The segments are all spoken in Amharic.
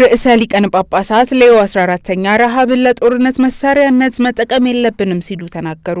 ርዕሰ ሊቃነ ጳጳሳት ሌዮ 14ተኛ ረሃብን ለጦርነት መሳሪያነት መጠቀም የለብንም ሲሉ ተናገሩ።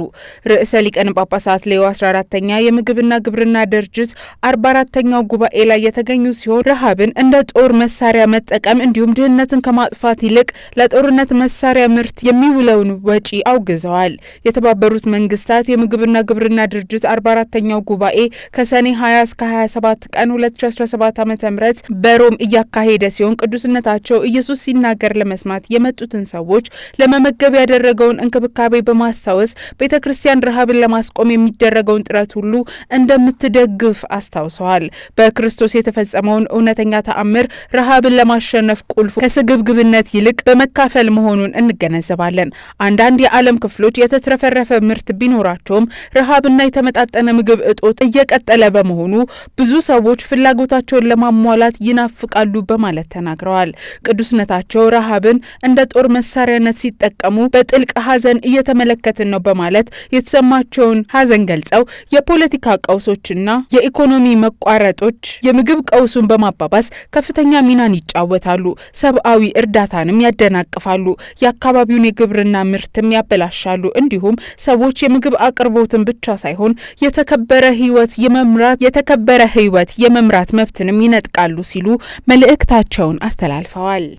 ርዕሰ ሊቃነ ጳጳሳት ሌዮ 14ተኛ የምግብና ግብርና ድርጅት 44ተኛው ጉባኤ ላይ የተገኙ ሲሆን ረሃብን እንደ ጦር መሳሪያ መጠቀም እንዲሁም ድህነትን ከማጥፋት ይልቅ ለጦርነት መሳሪያ ምርት የሚውለውን ወጪ አውግዘዋል። የተባበሩት መንግስታት የምግብና ግብርና ድርጅት 44ተኛው ጉባኤ ከሰኔ 20 እስከ 27 ቀን 2017 ዓ ም በሮም እያካሄደ ሲሆን ቅዱስነት በመመልከታቸው ኢየሱስ ሲናገር ለመስማት የመጡትን ሰዎች ለመመገብ ያደረገውን እንክብካቤ በማስታወስ ቤተ ክርስቲያን ረሃብን ለማስቆም የሚደረገውን ጥረት ሁሉ እንደምትደግፍ አስታውሰዋል። በክርስቶስ የተፈጸመውን እውነተኛ ተአምር ረሃብን ለማሸነፍ ቁልፉ ከስግብግብነት ይልቅ በመካፈል መሆኑን እንገነዘባለን። አንዳንድ የዓለም ክፍሎች የተትረፈረፈ ምርት ቢኖራቸውም ረሃብና የተመጣጠነ ምግብ እጦት እየቀጠለ በመሆኑ ብዙ ሰዎች ፍላጎታቸውን ለማሟላት ይናፍቃሉ በማለት ተናግረዋል። ቅዱስነታቸው ረሃብን እንደ ጦር መሳሪያነት ሲጠቀሙ በጥልቅ ሐዘን እየተመለከትን ነው በማለት የተሰማቸውን ሐዘን ገልጸው የፖለቲካ ቀውሶችና የኢኮኖሚ መቋረጦች የምግብ ቀውሱን በማባባስ ከፍተኛ ሚናን ይጫወታሉ፣ ሰብአዊ እርዳታንም ያደናቅፋሉ፣ የአካባቢውን የግብርና ምርትም ያበላሻሉ። እንዲሁም ሰዎች የምግብ አቅርቦትን ብቻ ሳይሆን የተከበረ ህይወት የመምራት የተከበረ ህይወት የመምራት መብትንም ይነጥቃሉ ሲሉ መልእክታቸውን አስተላል አልፈዋል።